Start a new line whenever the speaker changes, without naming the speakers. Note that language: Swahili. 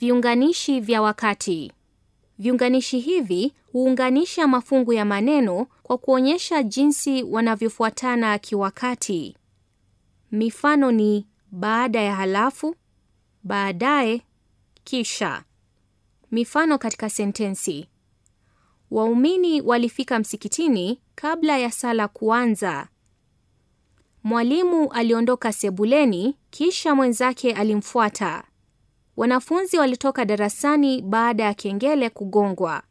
Viunganishi vya wakati. Viunganishi hivi huunganisha mafungu ya maneno kwa kuonyesha jinsi wanavyofuatana kiwakati. Mifano ni baada ya halafu, baadaye, kisha. Mifano katika sentensi: Waumini walifika msikitini kabla ya sala kuanza. Mwalimu aliondoka sebuleni kisha mwenzake alimfuata. Wanafunzi walitoka darasani baada ya kengele kugongwa.